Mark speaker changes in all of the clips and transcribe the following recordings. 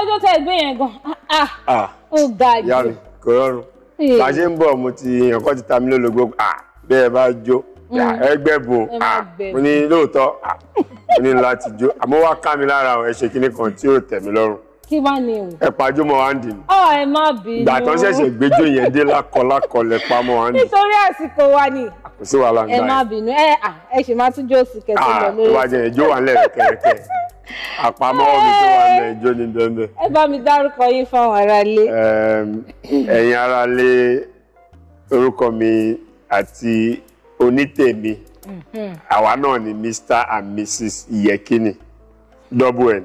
Speaker 1: ọjọ́ tẹ́ gbé yẹn gan ah, ah, ah, ó ga jù. yàrá
Speaker 2: kò rọrùn làṣẹ eh. ń bọ̀ mo ti ọkọ ti ta mi lólogbo bẹ́ẹ̀ bá jó mm. ẹgbẹ́ bò mo ní lóòótọ́ mo ní láti jó àmọ́ wá ká mi lára ẹ ṣe kinní kan tí yóò tẹ̀ mí lọ́rùn kí wá ni o. ẹ pàjọ́ mọ́ wá ń dì ní.
Speaker 1: ọ ẹ má bínú. ìgbà tó ń ṣẹ̀ṣẹ̀ gbẹjọ́
Speaker 2: yẹn dé lákọlákọ lẹ pa mọ́ wá ń dì. nítorí
Speaker 1: àsìkò wa ni.
Speaker 2: kò sí wàhálà ń gbà yẹn. ẹ má
Speaker 1: bínú ẹ ẹ ṣì máa tún jó sí kẹsàn-án lórí. tó bá jẹ ìjó wà ń lẹ̀
Speaker 2: àpamọ́ mi tó wà ní ẹjọ́ ní dandan.
Speaker 1: ẹ bá mi dárúkọ yín fáwọn aráalé.
Speaker 2: ẹ̀yin aráalé orúkọ mi àti onítèmi mhm. àwa náà ni mr and mrs iyekini double n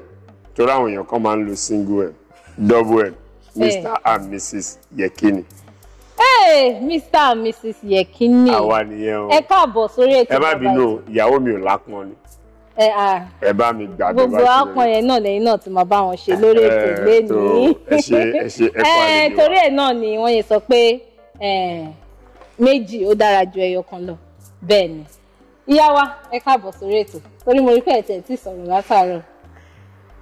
Speaker 2: torí àwọn èèyàn kan máa ń lo single n double n mr and mrs iyekini.
Speaker 1: Hey, Mr and Mrs Yekini. Àwa nìyẹn o. Ẹ káàbọ̀ sórí ètò ìjọba. Ẹ má bínú
Speaker 2: ìyàwó mi ò lápọn ni
Speaker 1: ẹ
Speaker 2: bá mi gbà bẹ́ẹ̀ bá ṣe lè. gbogbo àpọn
Speaker 1: yẹn náà lẹ́yìn náà tí mo bá wọn ṣe lórí ètò ìgbé ní. ẹ ṣe ẹ ṣe ẹ kọ́ àlejò wa. torí ẹ̀ náà ni wọ́n yẹn sọ pé méjì ó dára ju ẹyọ kan lọ bẹ́ẹ̀ ni ìyá wa ẹ káàbọ̀ sórí ètò torí mo rí pé ẹ̀tẹ̀ tí sọ̀rọ̀ látàárọ̀.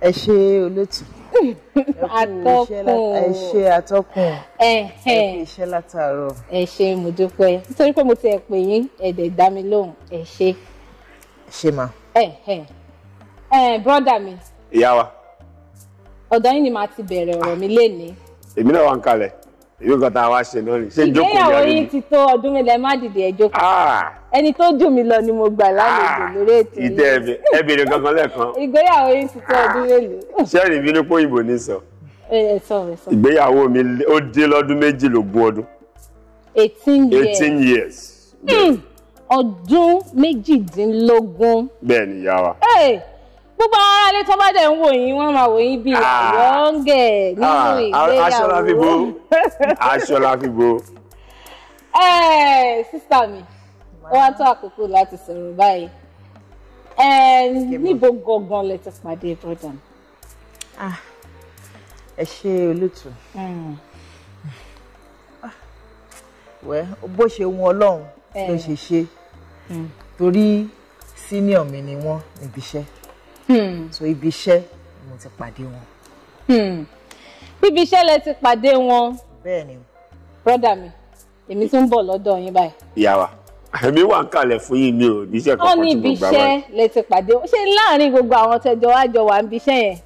Speaker 3: ẹ ṣe olótù
Speaker 1: atọ́kùn ẹ
Speaker 3: ṣe atọ́kùn
Speaker 1: ẹ ṣe iṣẹ́ látàárọ̀. ẹ ṣe mo dúpẹ́ nítorí pé mo ti ẹ̀ pè yín ẹ̀dẹ̀ dá mi lóhùn ẹ ṣe. ṣe máa ẹ ẹ ẹ brọ́dà mi. ìyá wa. ọ̀dọ̀ yín ni màá ti bẹ̀rẹ̀ ọ̀rọ̀ mi lénìí.
Speaker 2: èmi náà wà ń kalẹ̀ èmi kan tá a wá ṣe náà ni ṣé jókòó ìyá rẹ. ìgbéyàwó yín ti
Speaker 1: tó ọdún mélòó ẹ má dìde ẹ jókòó. Ah. ẹni tó jù mí lọ ni mo gbà lálejò ah. lórí ètò
Speaker 2: yìí. ìtẹ́ ẹ bèrè kankan lẹ́ẹ̀kan.
Speaker 1: ìgbéyàwó yín ti tó ọdún mélòó.
Speaker 2: sẹ́ẹ̀rì bínú pé òyìnbó ní sọ. ìgbéyàwó mi ó dé lọ́dún méjìlélógún ọdún.
Speaker 1: eighteen years. eighteen years. Mm ọdún méjìdínlógún.
Speaker 2: bẹ́ẹ̀ ni ìyá wa.
Speaker 1: Hey! gbogbo àwọn aráalé tó bá dẹ̀ ń wò yín wọ́n máa wò yín bíi ah. ìwọ́ngẹ̀ nínú ah, ìgbéyàwó. aṣọlá fi bo
Speaker 2: aṣọlá fi bo.
Speaker 1: ẹ ẹ sísá mi ó wá tó àkókò láti sọ̀rọ̀ báyìí ẹ níbo gangan lẹ ti pàdé bọ́dà. Ah,
Speaker 3: ẹ ṣe olóòtú hmm. wẹ bó ṣe wù Ọlọ́run ló eh. ṣe ṣe. Hmm. torí senior mi ni wọ́n níbi iṣẹ́ hmm. so ibi iṣẹ́ mo ti pàdé wọn.
Speaker 1: bíbi hmm. iṣẹ́ lẹ ti pàdé wọn. bẹ́ẹ̀ ni. brọ́dà mi èmi tún ń bọ̀ lọ́dọ̀ yín báyìí.
Speaker 2: ìyá wa èmi wà ń kalẹ̀ fún yín mi ò níṣẹ́ kankan tí mo gbà wá. wọ́n ní ibi iṣẹ́
Speaker 1: lẹ ti pàdé ṣé láàárín gbogbo àwọn tẹjọ wá jọ wà níbi iṣẹ́ yẹn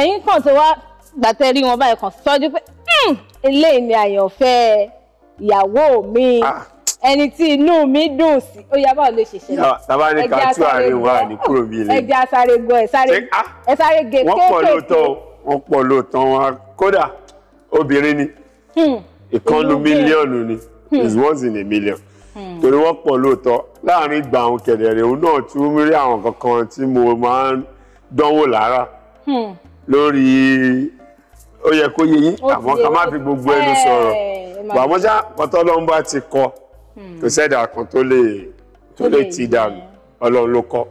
Speaker 1: ẹ̀yin kan tó wá gbàtẹ́ rí wọn báyìí kan sọ́jú pé eléyìí ni àyànfẹ́ ìyàwó mi. Ah ẹni tí inú mi dùn sí ó yá báwo lè ṣe ṣẹlẹ̀. sábà ní ká tú àárín wa
Speaker 2: ní kúrò bí ilé. ẹja
Speaker 1: sáré gbọ́ ẹ sáré ah, ẹ sáré gé kéékèèké. wọ́n pọ̀ lóòótọ́
Speaker 2: wọ́n pọ̀ lóòótọ́ wọn kódà obìnrin ni hmm. ìkànnù hmm. mílíọ̀nù ni hmm. is once in a million torí wọ́n pọ̀ lóòótọ́ láàrin ìgbà àwọn kẹ̀dẹ̀rẹ̀ òun náà tún rí àwọn kankan tí mo máa ń dánwò lára lórí ó yẹ kó yẹ yín àmọ́ ká má fi gbogbo ẹnu sọ̀rọ̀ bàmọ́sá pọ̀tọ́lọ́mbà ti kọ́ kò hmm. sẹ́dà kan tó lè tó lè ti dànù ọlọ́run ló kọ́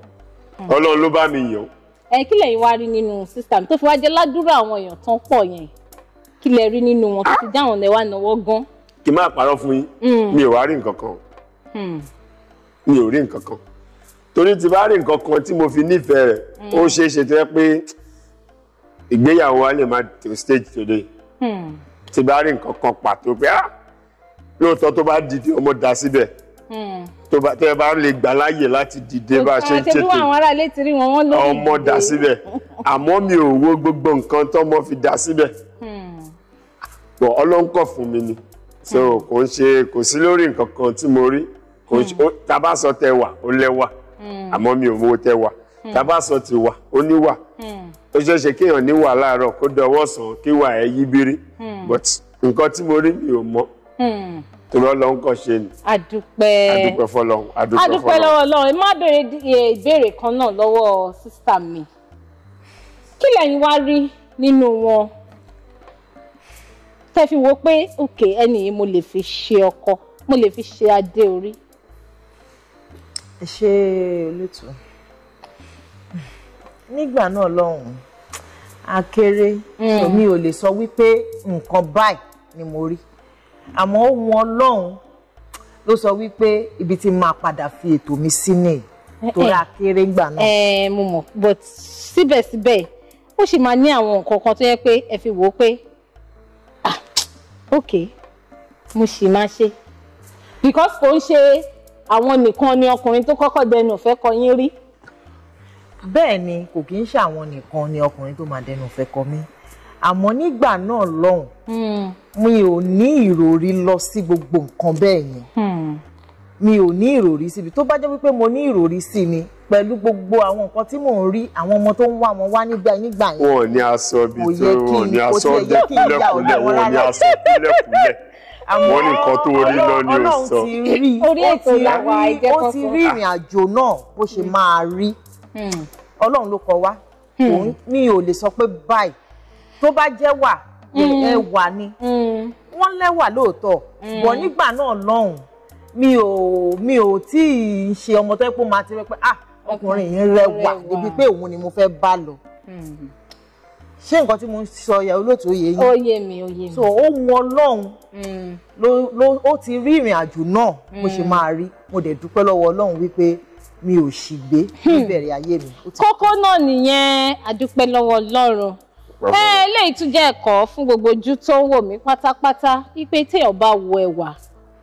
Speaker 2: hmm. ọlọ́run ló bá mi yàn.
Speaker 1: ẹ kí lẹ̀yin wá rí nínú sísá mi tó fi wá jẹ́ ládùúrà àwọn èèyàn tán pọ̀ yẹn kí lẹ rí nínú wọn tó ti dáhùn lẹ́wà náwó gan.
Speaker 2: kì í máa parọ́ fún yín hmm. mi ò wá rí nǹkan
Speaker 1: kan
Speaker 2: mi ò rí nǹkan kan torí ti bá rí nǹkan kan tí mo fi nífẹ̀ẹ́ rẹ̀ ó ṣeé ṣe tó yẹ pé ìgbéyàwó wa lè má tó stage today ti bá rí nǹkan kan pàtó pé ah lóòótọ́ tó bá dìde ọmọ dà síbẹ̀ hmm. tó bá tẹ́ bá lè gbà láàyè láti dìde bá ṣe ń tètè
Speaker 1: ọmọ
Speaker 2: dà síbẹ̀ àmọ́ mi ò wo gbogbo nǹkan tọ́mọ fi dà síbẹ̀ hmm. bọ̀ ọlọ́ńkọ̀ fún mi ni so hmm. kò ń ṣe kò sí lórí nǹkan kan tí mo rí kò ń ṣe tá a bá sọ tẹwà ó lẹ́wà àmọ́ mi ò wo tẹwà tá a bá sọ tiwà ó níwà ó ṣeé ṣe kéèyàn níwà láàárọ̀ kó dọwọ́ sàn kíwà ẹ̀ yí bírí but nǹkan tí mo rí mi ò mọ̀ torí Ọlọ́run kàn ṣe ni.
Speaker 1: àdúpẹ́ àdúpẹ́
Speaker 2: fọ́lọ́run àdúpẹ́ fọ́lọ́run àdúpẹ́ lọ́wọ́
Speaker 1: Ọlọ́run ẹ má béèrè e, ìbéèrè kan náà lọ́wọ́ sísá mi kí lẹ́yìn wá rí nínú wọn tẹ́ fi wo pé òkè ẹni yìí mo lè fi ṣe ọkọ mo lè fi ṣe adé orí. ẹ ṣe
Speaker 3: olóòtú nígbà náà lọ́hùn akéré hmm. mi ò lè sọ wípé nǹkan báyìí ni mo rí àmọ́ ohun Ọlọ́run ló sọ wípé ibi tí máa padà fi ètò mi sí ni eh, torí eh. akéré gbà náà.
Speaker 1: ẹ eh, mo mọ̀ but síbẹ̀síbẹ̀ ó sì máa ní àwọn nǹkan kan tó yẹ pé ẹ fi wò ó pé ah ok mo sì máa ṣe because kò ń ṣe àwọn nìkan ni ọkùnrin tó kọ́kọ́ dẹnu ìfẹ́
Speaker 3: kọ yín rí. bẹ́ẹ̀ ni kò kí ń ṣe àwọn nìkan ni ọkùnrin tó máa dẹnu ìfẹ́ kọ mí àmọ́ nígbà náà lọ́hùn hmm. mi ò ní ìròrí lọ sí gbogbo nǹkan bẹ́ẹ̀ yẹn hmm. mi ò ní ìròrí síbi tó bá jẹ́ wípé mo ní ìròrí sí ni pẹ̀lú gbogbo àwọn nǹkan tí mò ń rí àwọn ọmọ tó ń wá wọn wá nígbà nígbà yẹn.
Speaker 2: wọn ò ní aṣọ bíi tó wọn ò ní aṣọ bíi kúlẹ̀kúlẹ̀ wọn ò ní aṣọ kúlẹ̀kúlẹ̀
Speaker 3: wọn ní nǹkan tó rí lọ ni ó sọ. orí ètò làwọn àìjẹ́ kọ̀ọ̀kan. ó ti rí ìrìn àjò náà bó ṣe hmm. máa rí ọlọ́run ló kọ wá mi ò lè sọ pé báyìí tó bá jẹ́ wà ẹwà mm. ni mm. wọ́n lẹ́wà lóòótọ́ mm. bọ̀ nígbà náà lọ́hùn mi ò mi ò tí ì ṣe ọmọ tó yẹ pé máa ti rẹ pé ah ọkùnrin yìí rẹwà débi pé òun ni mo fẹ́ bá lọ ṣé nǹkan tí mo ń sọ ìyá olóòtú oyè yìí oyè
Speaker 1: mi oyè mi so ó
Speaker 3: wu ọlọ́run ló ó ti rí ìrìn àjò náà mo ṣe máa rí mo dẹ̀ dúpẹ́ lọ́wọ́ ọlọ́run wípé mi ò ṣìgbé hmm. níbẹ̀rẹ̀ ayé mi.
Speaker 1: kókó náà nìyẹn a dúpẹ́ lọ́wọ́ ọlọ́run ẹ eh, eléyìí tún jẹ́ ẹ̀kọ́ fún gbogbo ojú tó ń wò mí pátápátá wípé téèyàn bá wo ẹwà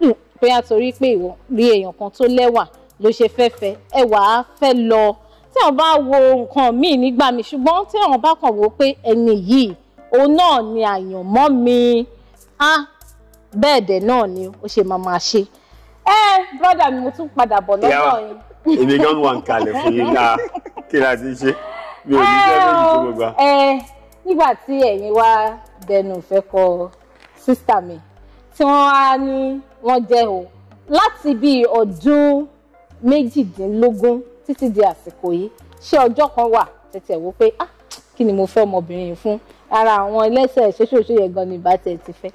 Speaker 1: hmm, bóyá torí pé ìwọ rí èèyàn kan tó lẹ́wà ló ṣe fẹ́fẹ́ ẹwà á fẹ́ lọ téèyàn bá wo nǹkan míì nígbà mi ṣùgbọ́n téèyàn bá kàn wò pé ẹni yìí òun náà ni àyànmọ́ mi á bẹ́ẹ̀ dẹ̀ náà ni ó ṣe máa máa ṣe ẹ eh, brọ́dà mi mo tún padà bọ̀ lọ́dọ̀ yín. èmi gan wà ń kalẹ̀ fún yín náà
Speaker 2: kí ni a ti ṣe mi ò ní jẹ́ lóyún tó gbogbo
Speaker 1: nígbà tí ẹ̀yin wá dẹnu ìfẹ́ kọ sísítà mi tí wọ́n wá ní wọ́n jẹ́ o láti bí ọdún méjìdínlógún títí di àsìkò yìí ṣé ọjọ́ kan wà tẹ̀tẹ̀ wò pé ah kí ni mo fẹ́ ọmọbìnrin yìí fún ara àwọn ẹlẹ́sẹ̀ ṣoṣooṣo yẹn gan ni ìbátẹ̀ ti fẹ́.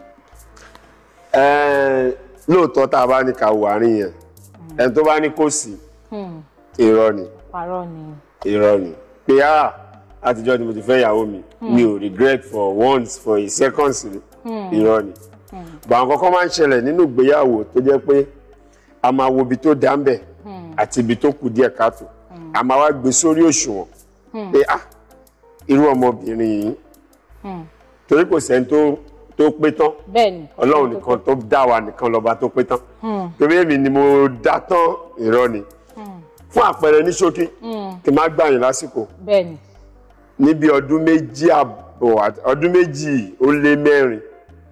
Speaker 2: lóòótọ́ tá a bá ní ká wò àárín yẹn ẹni tó bá ní kò sí hmm. irọ́ ni irọ́ ni pé ah àtijọ́ ni mo ti fẹ́ ìyàwó mi hmm. mi ò regret for once for a second sí hmm. irọ́ ni hmm. bàwọn kọ́kọ́ máa ń ṣẹlẹ̀ nínú ìgbéyàwó tó jẹ́ pé a máa wo ibi tó dá ń bẹ̀ àti ibi tó kù díẹ̀ káàtó a máa wá gbé sórí òṣùwọ̀n pé ah irú ọmọbìnrin yìí torí kò sẹ́ni tó tó pé tán ọlọ́run nìkan tó dá wa nìkan lọ́ba tó pé tán torí èmi ni mo dá tán irọ́ ni fún àpẹẹrẹ ní ṣókí kí n má gbà lásìkò níbi ọdún méjì àbọ̀ ọdún méjì ó lé mẹ́rin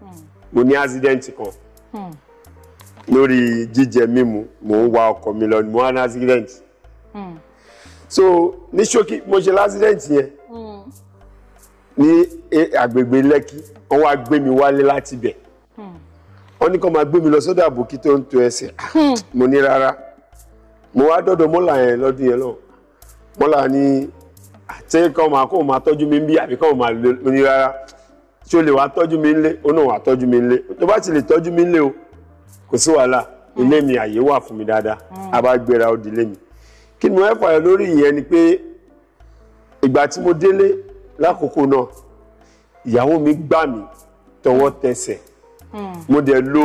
Speaker 2: hmm. mo ní accident kan hmm. lórí jíjẹ mímu mo ń wa ọkọ̀ mi lọ mo wá ní accident hmm. so ní ṣókí mo ṣe accident yẹn ní eh, agbègbè Lẹ́kì wọ́n wá gbé mi wálé láti bẹ̀ wọ́n ní kó máa gbé mi lọ sọ́dọ̀ àbòkí tó ń to ẹsẹ̀ ah, mo ní rárá mo wá dọ́dọ̀ mọ́là yẹn lọ́dún yẹn lọ́wọ́ mọ́là ní ṣé kọ́ máa kó máa tọ́jú mi ń bí àbí kọ́ máa lò ní rárá ṣé o lè wá tọ́jú mi ńlé ó náà wá tọ́jú mi ńlé tó bá ti lè tọ́jú mi ńlé o kò sí wàhálà ilé mi àyè wà fún mi dáadáa a bá gbéra ó di ilé mi kí ni mo fẹ́ fààyàn lórí ìyẹn ni pé ìgbà tí mo délé lákòókò náà ìyàwó mi gbà mí tọwọ́ tẹsẹ̀ mo dẹ̀ lo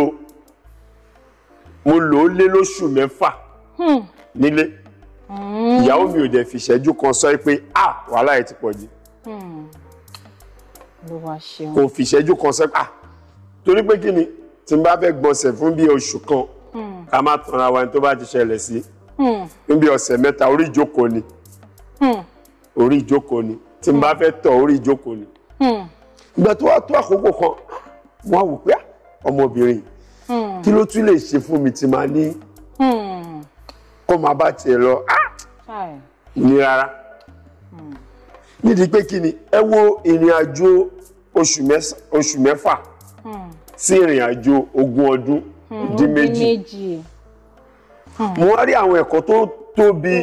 Speaker 2: mo lò ó lé lóṣù mẹ́fà hmm. nílé. Hmm.
Speaker 1: Hmm. ìyàwó mi ò
Speaker 2: dẹ̀ fi ìṣẹ́jú kan sọ pé à ah, wàhálà ẹ̀ ti pọ̀ jù
Speaker 1: hmm. kò
Speaker 2: fi ìṣẹ́jú kan sọ pé à ah, torí pé kí ni tí n bá fẹ́ gbọ̀nsẹ̀ fún bí oṣù kan ká hmm. má tanra wa ni tó bá ti ṣẹlẹ̀ sí fún bí ọ̀sẹ̀ mẹ́ta orí ìjókòó ni orí ìjókòó ni tí n bá fẹ́ tọ̀ orí ìjókòó ni ìgbà tó wá tó àkókò kan wọ́n á wò pé ah, ọmọbìnrin kí ló tún lè ṣe fún mi tí máa ní kó máa bá tiẹ̀ lọ ní rárá hmm. nídìí pé kí ni ẹ wo ìrìn àjò oṣù mẹ́fà hmm. sí ìrìn àjò ogún ọdún
Speaker 1: hmm, dín méjì mo wá
Speaker 2: rí àwọn ẹ̀kọ́ tó tóbi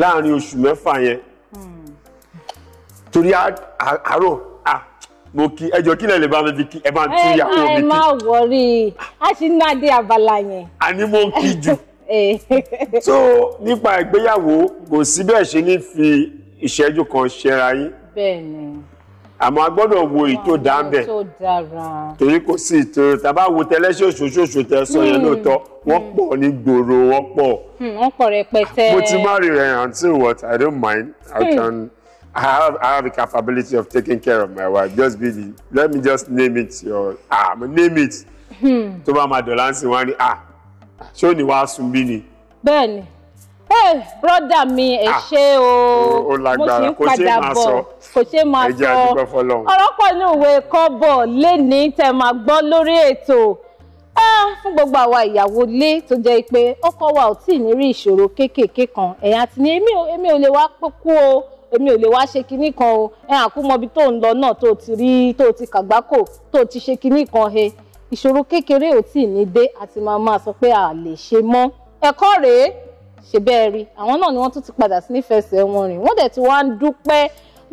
Speaker 2: láàrin oṣù mẹ́fà yẹn torí àárọ̀ mo kí ẹjọ́ kí lẹ lè bá mi fi kí ẹ bá ń tú mi kí. ẹ
Speaker 1: máa wọrí a ti ń ná dé abala yẹn. àní mo kí jù.
Speaker 2: so nípa ìgbéyàwó kò sí bẹ́ẹ̀ ṣe ní fi ìṣẹ́jú kan ṣẹra yín.
Speaker 1: bẹ́ẹ̀ni.
Speaker 2: àmọ́ a gbọ́dọ̀ wo èyí tó dáa ń bẹ̀. torí kò sí ìtòrò tá a bá wo tẹlẹ́sẹ̀ òṣòṣòṣò tẹ sọ yẹn hmm. lóòótọ́ wọ́n hmm. pọ̀ ní gbòòrò wọ́n pọ̀.
Speaker 1: Hmm, wọ́n pọ̀ rẹpẹtẹ. mo ti marry
Speaker 2: rẹ̀ until what I don't mind I can. I have I have the capability of taking care of my wife. Just be the let me just name it your ah name it. Hmm. Tó bá máa dọ̀lá ń sin wá ní ah ṣé ò ní wàá sùn bí ni.
Speaker 1: bẹ́ẹ̀ni ẹ brọdà mi ẹ ah, ṣe o mo ti ń padà bọ̀ kò ṣe máa sọ ọ̀rọ̀ pọ̀ ní òwe kọ́bọ̀ lénìí tẹ́ máa gbọ́ lórí ètò ah, fún gbogbo àwa ìyàwó ilé tó jẹ́ pé ọkọ wa ò tí ì ní rí ìṣòro kéékèèké kan ẹ̀yà àti ní èmi ò lè wá kú o èmi ò lè wá ṣe kinní kan o ẹ̀ àkúmọ̀bi tó ń lọ náà tó ti rí tó ti kàgbákò tó ti ṣe kinní kan he ìṣòro kékeré ò tí ì ní dé àti máa máa sọ pé a lè ṣe mọ́ ẹ̀kọ́ rèé ṣe bẹ́ẹ̀ rí àwọn náà ni wọ́n tún ti padà sí nífẹsẹ̀ wọn rìn wọ́n dẹ̀ ti wá ń dúpẹ́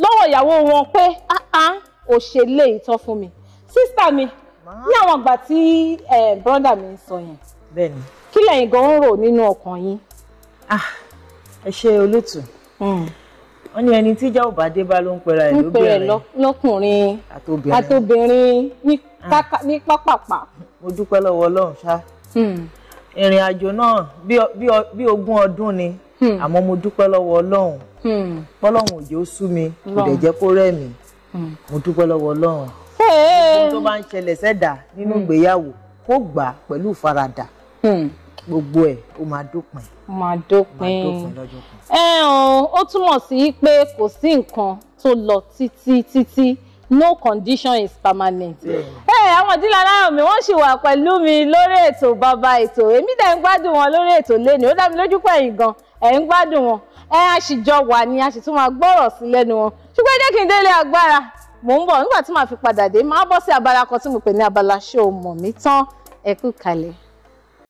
Speaker 1: lọ́wọ́ ìyàwó wọn pé áá ò ṣe lé ìtọ́ fún mi sísá mi ní àwọn ìgbà tí brọ́dà mi ń sọ
Speaker 3: yẹn kí lẹ́yìn gan ń rò nínú ọkàn yín. Ah, ẹ ṣe olótù hmm. wọ́n ní ẹni tíjà ò bá dé bá ló ń pera ẹ̀ lóbìnrin
Speaker 1: lọ́kùnrin àtobìnrin káká ah. ní pápápá.
Speaker 3: mo dúpẹ́ lọ́wọ́ ọlọ́run ṣá hmm. ìrìn àjò náà bí ogún ọdún ni hmm. àmọ́ mo dúpẹ́ lọ́wọ́ ọlọ́run hmm. bọ́lọ́run òjò sú mi kò dẹ̀ jẹ́ kó rẹ̀ mí mo dúpẹ́ lọ́wọ́ ọlọ́run tó bá ń ṣẹlẹ̀ sẹ́dà nínú ìgbéyàwó kó gbà á pẹ̀lú ìfaradà gbogbo ẹ̀ ó máa dópin. ó máa dópin
Speaker 1: ẹ̀ ọ́n ó túmọ̀ sí pé kò sí nǹkan tó lọ títí títí no condition is permanent. ẹ àwọn ìdílé aláyọ̀mí wọ́n sì wà pẹ̀lú mi lórí ètò bàbá ètò èmi dẹ̀ ń gbádùn wọn lórí ètò lẹ́nu ó dá mi lójú pé ẹ̀yin gan ẹ̀ ń gbádùn wọn ẹ á sì jọ wà ní a sì tún máa gbọ́rọ̀ sí lẹ́nu wọn ṣùgbọ́n jẹ́ kí n délé agbára mò ń bọ̀ nígbà tí màá fi padà dé màá bọ́ sí abala kan tí mo pè ní abala ṣé o mọ̀ mí tán ẹ kú kalẹ̀.